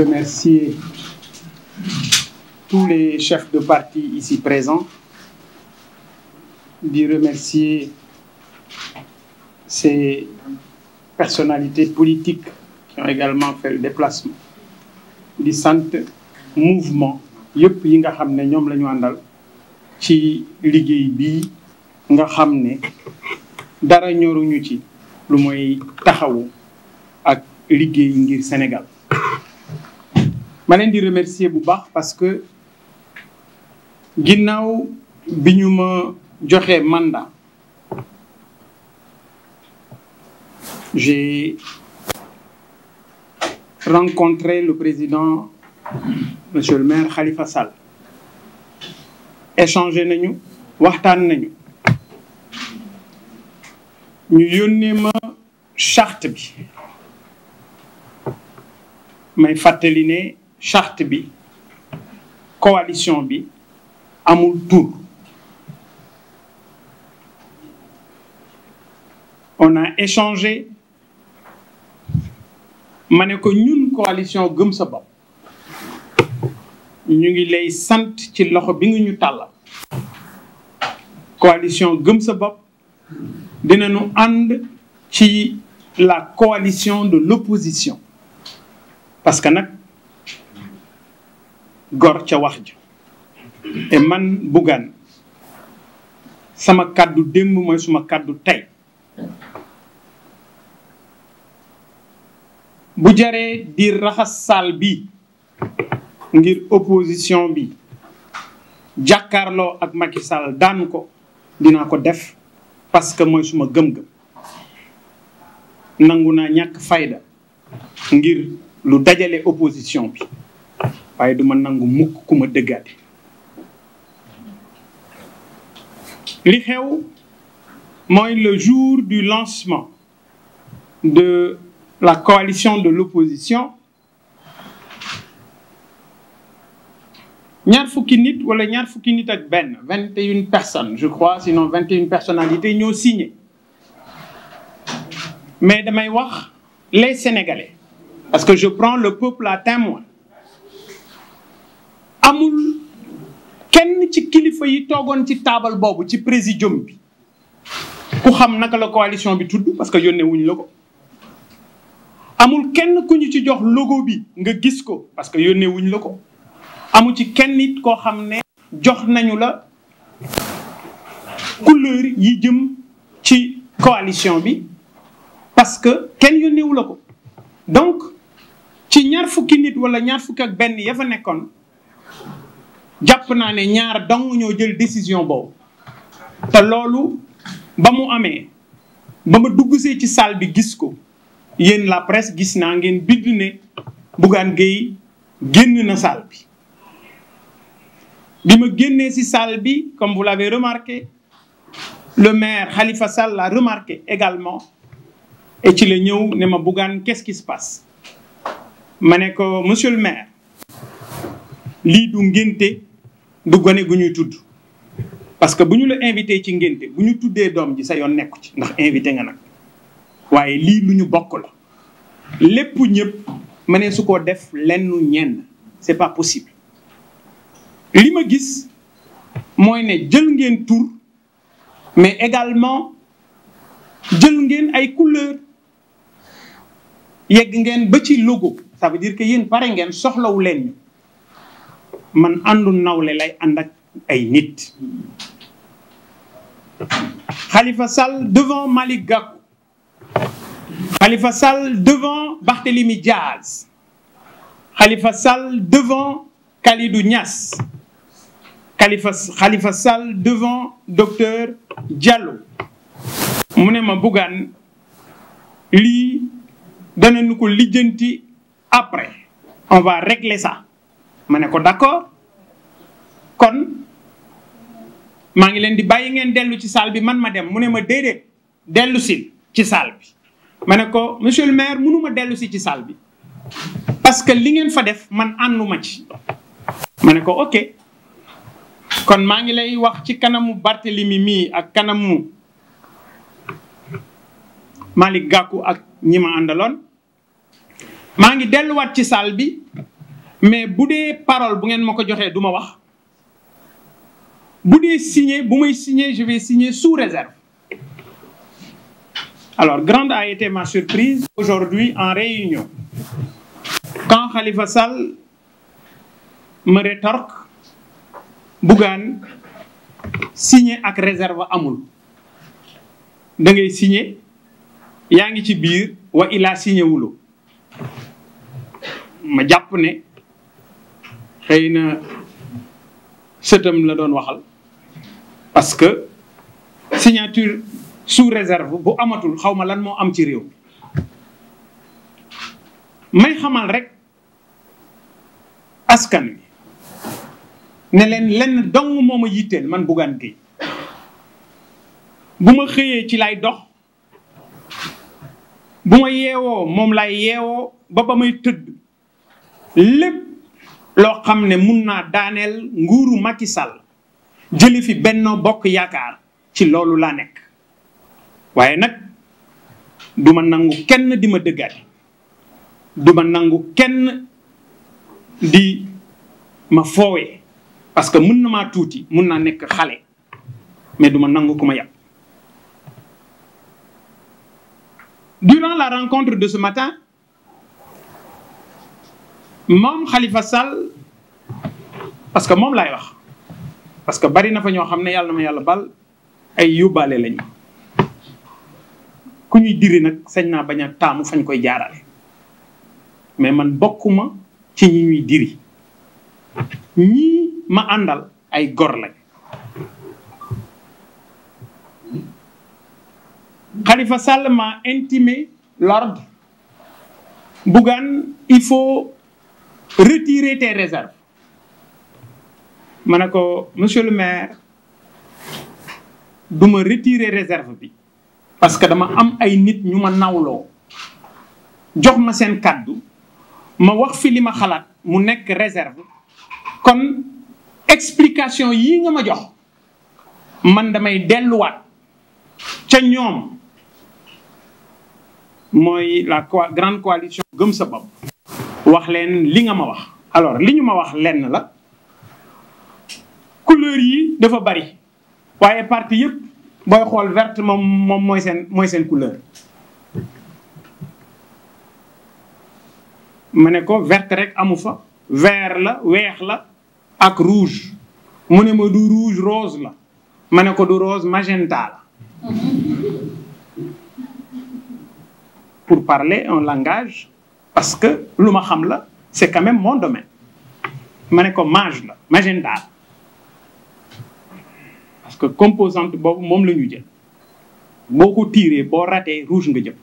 remercier tous les chefs de partie ici présents, d'y remercier ces personnalités politiques qui ont également fait le déplacement di sant mouvement yëpp yi nga xam ne ñoom lañu ñu àndal ci liggéey bi nga xam ne dara ñoruñu ci lu mooy taxawu ak liggéey ngir Sénégal ma leen di remercier bu baax parce que ginnaaw bi ñu ma joxee mandat j'ai rencontré le président monsieur le maire Khalifa Sall échangé nañu waxtaan nañu ñu yónnee ma charte bi may fàttali ne charte bi coalition bi amul tur on a échangé ma ne ko ñun coalition gëm sa ñu ngi lay sant ci loxo bi nga ñu tàllal coalition gëm sa bopp dinañu ànd ci la coalition de l'opposition parce nag gor ca wax ja te man Bougane sama kàddu démb mooy suma kàddu tey bu jaree di raxas saal bi ngir opposition bi jàkkaarloo ak Macky Sall daan ko dinaa ko def parce que mooy suma gëm-gëm nangu naa ñàkk fayda ngir lu dajale opposition bi waaye duma nangu mukk ku ma dëggaate li xew mooy le jour du lancement de la coalition de l'opposition ñaar fukki nit wala ñaar fukki nit ak benn vingt et une personnes je crois sinon vingt et une personnalités ñoo signé mais damay wax les Sénégalais parce que je prends le peuple à témoin amul kenn ci kilifa yi toogoon ci taabal boobu ci présidiom bi ku xam naka la coalition bi tudd parce que yónnee wuñ la ko amul kenn ku ñu ci jox logo bi nga gis ko parce que yónnee wuñ la ko amu ci kenn it koo xam ne jox nañu la couleur yi jëm ci coalition bi parce que kenn yónneewu la ko donc ci ñaar fukki nit wala ñaar fukki ak benn ya fa nekkoon jàpp naa ne ñaar dong ñoo jël décision boobu te loolu ba mu amee ba ma duggsee ci salle bi gis ko yéen la presse gis naa ngeen bidd ne Bougane Gueye génn na salle bi bi ma génnee ci salle bi comme vous l'avez remarqué le maire Khalifa Sall l'a également et ci la ñëw ne ma Bougane qu'est-ce qui se passe ma ne ko monsieur le maire lii du ngénte du gone gu ñuy tudd parce que bu ñu la invité ci ngénte bu ñu tuddee doom ji sa yoon nekku ci ndax invité nga nag waaye lii lu ñu bokk la lépp ñëpp ma su ko def lenn ñenn c'est pas possible lii ma gis mooy ne jël ngeen tur mais également jël ngeen ay couleur yegg ngeen ba ci logo sa veut dire que yéen pare ngeen soxlawu leen man àndu nawle lay ànd ak ay nit Khalifa Sall devant Malick Gakou Khalifa sal devant Barthélémy Diaz Khalifa Sall devant Kalidou Niass Khalifa Khalifa devant docteur Diallo mu ne ma Bougane lii danañu ko lijjanti après on va régler ça ma ne ko d'accord kon maa ngi leen di bàyyi ngeen dellu ci saal bi man ma dem mu ne ma déedéet dellu ci salle bi ma ne ko monsieur le maire mënuma dellusi ci salle bi parce que li ngeen fa def man ànduma ci ma ne ko ok kon maa ngi lay wax ci kanamu Barthélemy mii ak kanamu Malick gàkku ak ñi ma maa ngi delluwaat ci salle bi mais bu dee parole bu ngeen ma ko joxee duma wax bu dee signé bu may signé je vais signer sous réserve alors grande a été ma surprise aujourd'hui en réunion quand Khalifa Sall me rétorque Bougane signé ak réserve amul da ngay signé yaa ngi ci biir wa illaa signé wulo ma jàpp ne xëy na sëtam la doon waxal parce que signature sous réserve bu amatul xaw ma lan moo am ci réew may xamal rek askan wi ne leen lenn dong moo ma yitteel man Bougane Gueye bu ma xëyee ci lay dox bu ma yeewoo moom lay yeewoo ba ba may tëdd lépp loo xam ne mun naa daaneel nguuru Macky Sall jëli fi Benno Bokk Yaakaar ci loolu laa nekk waaye nag du ma nangu kenn di ma dëggaati du nangu kenn di ma foowee parce que mun na maa tuuti mun naa nekk xale mais du ma nangu ku ma yàpp durant la rencontre de ce matin moom Khalifa Sall parce que moom laay wax parce que bari na fa ñoo xam ne yàlla na ma yàlla bal ay yóbbaale lañu ku ñuy diri nag sañ na bañ a taamu fañ koy jaarale mais man bokkuma ci ñi ñuy diri ñii ma àndal ay gor lañ xarifa Sall m'a intimé l'ordre Bougane il faut retirer tes réserves ma ne ko monsieur le maire du ma retirer réserve bi parce que dama am ay nit ñu ma nawloo jox ma seen kàddu ma wax fi li ma xalaat mu nekk réserve kon explication yii nga ma jox man damay delluwaat ca ñoom mooy la grande coalition gëm sa bopp wax leen li nga ma wax alors li ñu ma wax lenn la dafa bari waaye parti yëpp booy xool verte moom moom mooy seen mooy seen couleur ma ne ko vert rek amu fa vert la weex la ak rouge mu ne ma du rouge rose la ma ne ko du rose magenta la pour parler en langage parce que lu ma xam la c'est quand même mon domaine ma ne ko mage la magenta parce que composante boobu moom la ñu jël boo ko tiiree boo ratee rouge nga jëm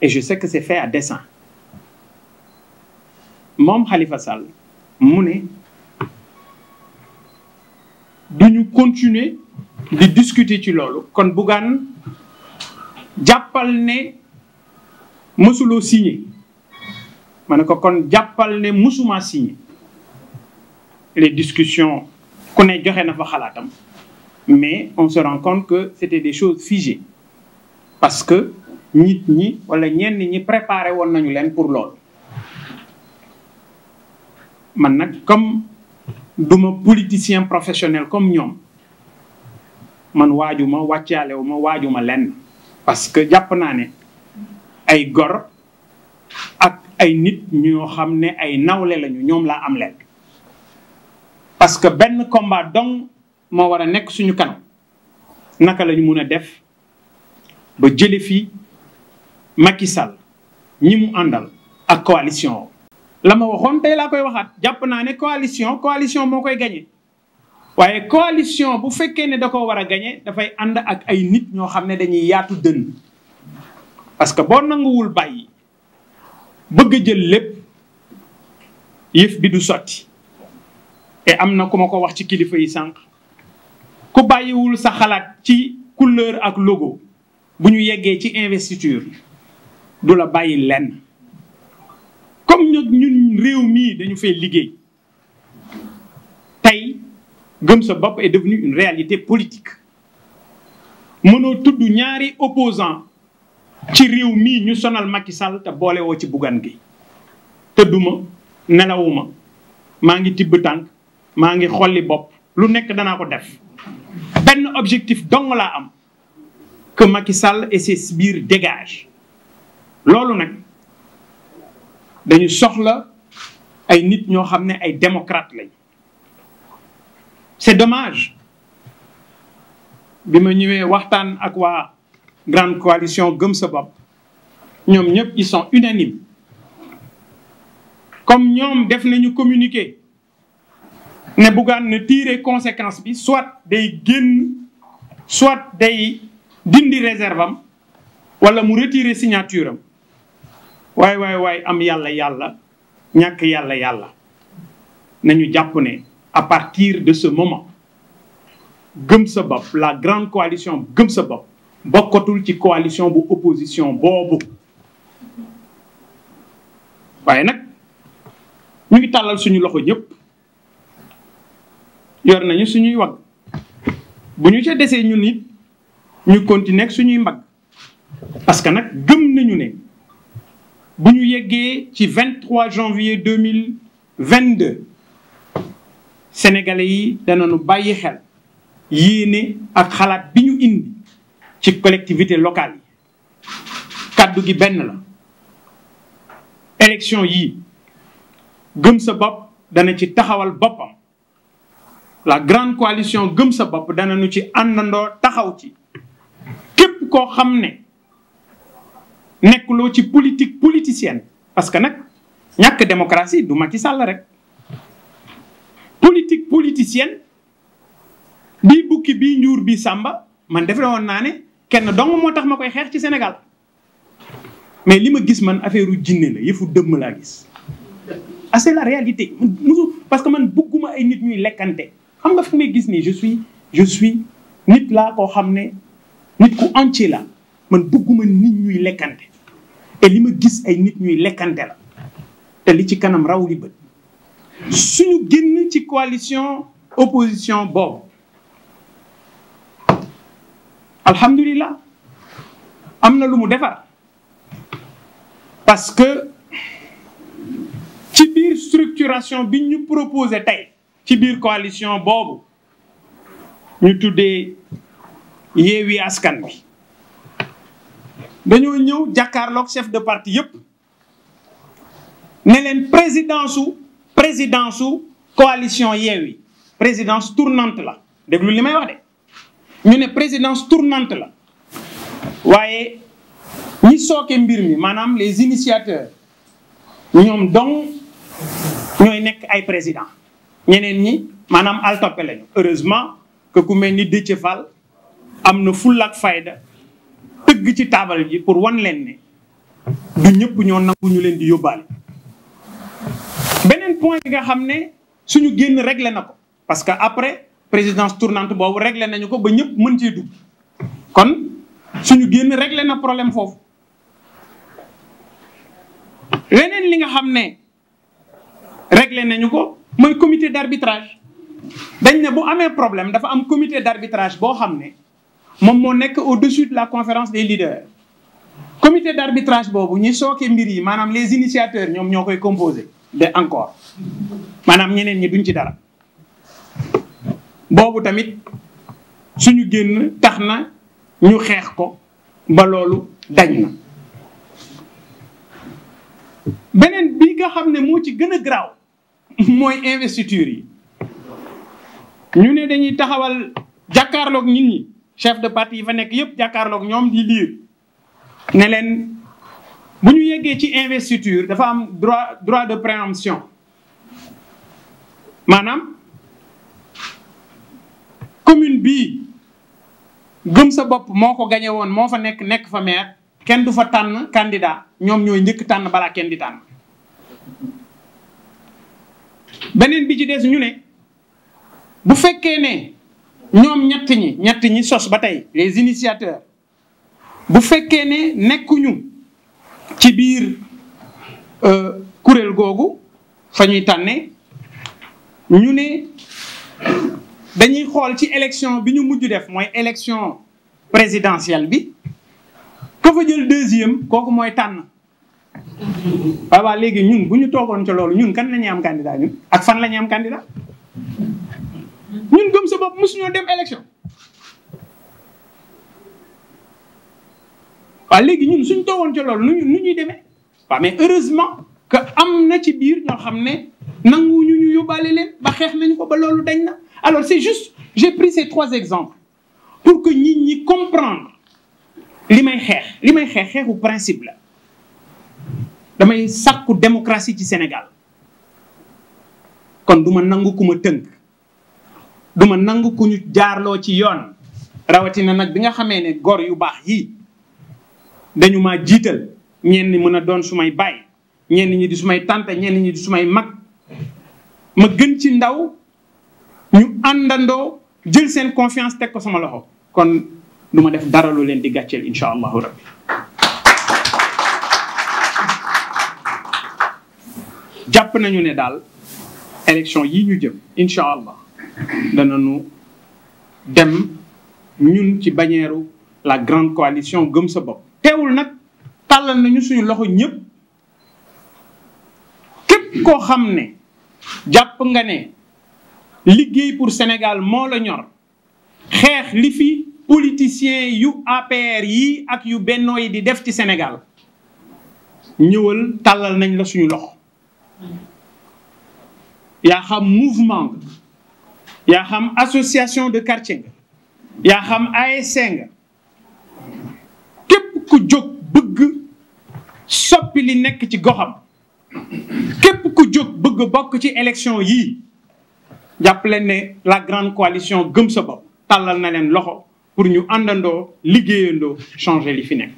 et je sais que c'est fait à dessan moom Khalifa Sall mu ne du ñu continuer di discuter ci loolu kon Bougane jàppal ne mësuloo signé ma ne ko kon jàppal ne mësuma signé les discussions ku ne joxe na fa xalaatam mais on se rend compte que c'était des choses figées parce que nit ñi wala ñenn ñi préparé woon nañu leen pour lool man nag comme duma politicien professionnel comme ñoom man waajuma wàccaalewuma waajuma leen parce que jàpp naa ne ay gor ak ay nit ñoo xam ne ay nawle lañu ñoom laa am leen parce que benn combat dong moo war a nekk suñu kanam naka lañu ñu mun a def ba jële fi Macky Sall ñi mu àndal ak coalition la ma waxoon tey laa koy waxaat jàpp naa ne coalition coalition moo koy gañe waaye coalition bu fekkee ne da ko war a gañe dafay ànd ak ay nit ñoo xam ne dañuy yaatu dënn parce que boo nanguwul bàyyi bëgg a jël lépp yëf bi du sotti te am na ku ma ko wax ci kilifa yi sànq ku bàyyiwul sa xalaat ci couleur ak logo bu ñu yeggee ci investiture du la bàyyi lenn comme ñun ñu réew mii dañu fee liggéey tey gëm sa bopp est devenu une réalité politique mënoo tudd ñaari opposant ci réew mii ñu sonal Macky Sall te boole woo ci Bougane Gueye tëdduma nelawuma maa ngi tibb tànk maa ngi xolli bopp lu nekk danaa ko def benn objectif dong am que Macky Sall et ses sbires dégagent loolu nag dañu soxla ay nit ñoo xam ne ay démocrate lañ c'est dommage bi ma ñëwee waxtaan ak waa grande coalition gëm sa bopp ñoom ñëpp ils sont unanimes comme ñoom def nañu communiqué ne Bougane ne tirer conséquence bi soit day génn soit day dindi réserve am wala mu retire signature am waaye waaye waaye am yàlla yàlla ñàkk yàlla yàlla nañu jàpp ne à partir de ce moment gëm sa bopp la grande coalition gëm sa bopp bokkatul ci coalition bu opposition boobu waaye nag ñu ngi tàllal suñu loxo ñëpp yor nañu suñuy wagg bu ñu ca desee ñun it ñu continuer ak suñuy mbagg parce que nag gëm nañu ne bu ñu yeggee ci 23 janvier 2022 sénégalais yi danañu bàyyi xel yéene ak xalaat bi ñu indi ci collectivité locale yi kàddu gi benn la élection yii gëm sa bopp dana ci taxawal boppam la grande coalition gëm sa bopp danañu ci àndandoo taxaw ci képp koo xam ne nekkuloo ci politique politicienne parce que nag ñàkk démocratie du ci sàll rek politique politicienne bi bukki bi njur bi sàmba man defe woon naa ne kenn dong moo tax ma koy xeex ci Sénégal mais li ma gis man affaire u jinne la yëfu dëmm laa gis ah parce que man bugguma ay nit ñuy lekkante xam nga fi may gis nii je suis je suis nit laa koo xam ne nit ku entier la man bëgguma nit ñuy lekkante et li ma gis ay nit ñuy lekkante la te li ci kanam raw li bët suñu génn ci coalition opposition boobu alhamdulilah am na lu mu defar parce que ci biir structuration bi ñu proposé tey ci biir coalition boobu ñu tuddee Yewwi Askan Wi dañoo ñëw jàkkaarloog chef de parti yépp ne leen présidence su présidence su coalition Yewwi présidence tournante la déglu li may wax de ñu ne présidence tournante la waaye ñi sooke mbir mi maanaam les initiateurs ñoom dong ñooy nekk ay président ñeneen ñi maanaam al toppe lañu heureusement que ku mel ni Déthié Fall am na fulla ak fayda tëgg ci taabal ji pour wan leen ne du ñëpp ñoo nangu ñu leen di yóbbaale. beneen point bi nga xam ne suñu génn réglé na ko parce que après présidence tournante boobu réglé nañu ko ba ñëpp mën cee kon suñu génn réglé na problème foofu. leneen li nga xam ne réglé nañu ko. mooy comité d' arbitrage dañ ne bu amee problème dafa am comité d' arbitrage boo xam ne moom moo nekk au dessus de la conférence des leaders comité d' arbitrage boobu ñi sooke mbir yi maanaam les initiateurs ñoom ñoo koy composé de encore maanaam ñeneen ñi duñ ci dara boobu tamit suñu génn tax na ñu xeex ko ba loolu dañ na beneen bi nga xam ne moo ci gën a garaaw mooy investiture yi ñu ne dañuy taxawal jàkkaarloog nit ñi chef de parti yi fa nekk yëpp jàkkaarloog ñoom di liir ne leen bu ñu yeggee ci investiture dafa am droit droit de préemption maanaam commune bi gëm sa bopp moo ko gañe woon moo fa nekk nekk fa maire kenn du fa tànn kandidaa ñoom ñooy njëkk tànn balaa kenn di tànn beneen bi ci des ñu ne bu fekkee ne ñoom ñett ñi ñett ñi sos ba tey les initiateurs bu fekkee ne nekkuñu ci biir euh, kuréel googu fa ñuy tànne ñu ne dañuy xool ci élection bi ñu mujj def mooy élection présidentielle bi ko fa jël deuxième kooku mooy tànn waaw léegi ñun bu ñu toogoon ca loolu ñun kan la ñuy am ñun ak fan la ñuy am candidat ñun gëm sa bopp dem élection. waaw léegi ñun suñ toogoon ca loolu nu ñuy demee waaw mais heureusement que am na ci biir ñoo xam ne nanguwuñu ñu yóbbaale leen ba xeex nañ ko ba loolu dañ na alors c'est juste j'ai pris ces trois exemples pour que ñii ñi comprendre li may xeex li may xeex xeexu principe la. damay sàkku démocratie ci senegal kon duma nangu ku ma tënk duma nangu ku ñu jaarloo ci yoon rawatina nag bi nga xamee ne gor yu baax yii dañu ma jiital ñenn ñi mën a doon sumay baay ñenn ñi di sumay tante ñeen ñi di sumay mag ma gën ci ndaw ñu àndandoo jël seen confiance teg ko sama loxo kon du ma def dara lu leen di gàcceel incha allahu rabbi jàpp nañu ne daal élection yi ñu jëm incha allah danañu dem ñun ci bañeeru la grande coalition gëm sa bopp teewul nag tàllal nañu suñu loxo ñëpp képp koo xam ne jàpp nga ne liggéey pour Sénégal moo la ñor xeex li fi politiciens yu APR yi ak yu bennoo yi di def ci Sénégal ñëwal tàllal nañ la suñu loxo yaa xam mouvement nga yaa xam association de quartier nga yaa xam ASC nga képp ku jóg bëgg soppi li nekk ci goxam képp ku jóg bëgg bokk ci élection yii jàpp leen ne la grande coalition gëm sa bopp tàllal na leen loxo pour ñu àndandoo liggéeyandoo changer li fi nekk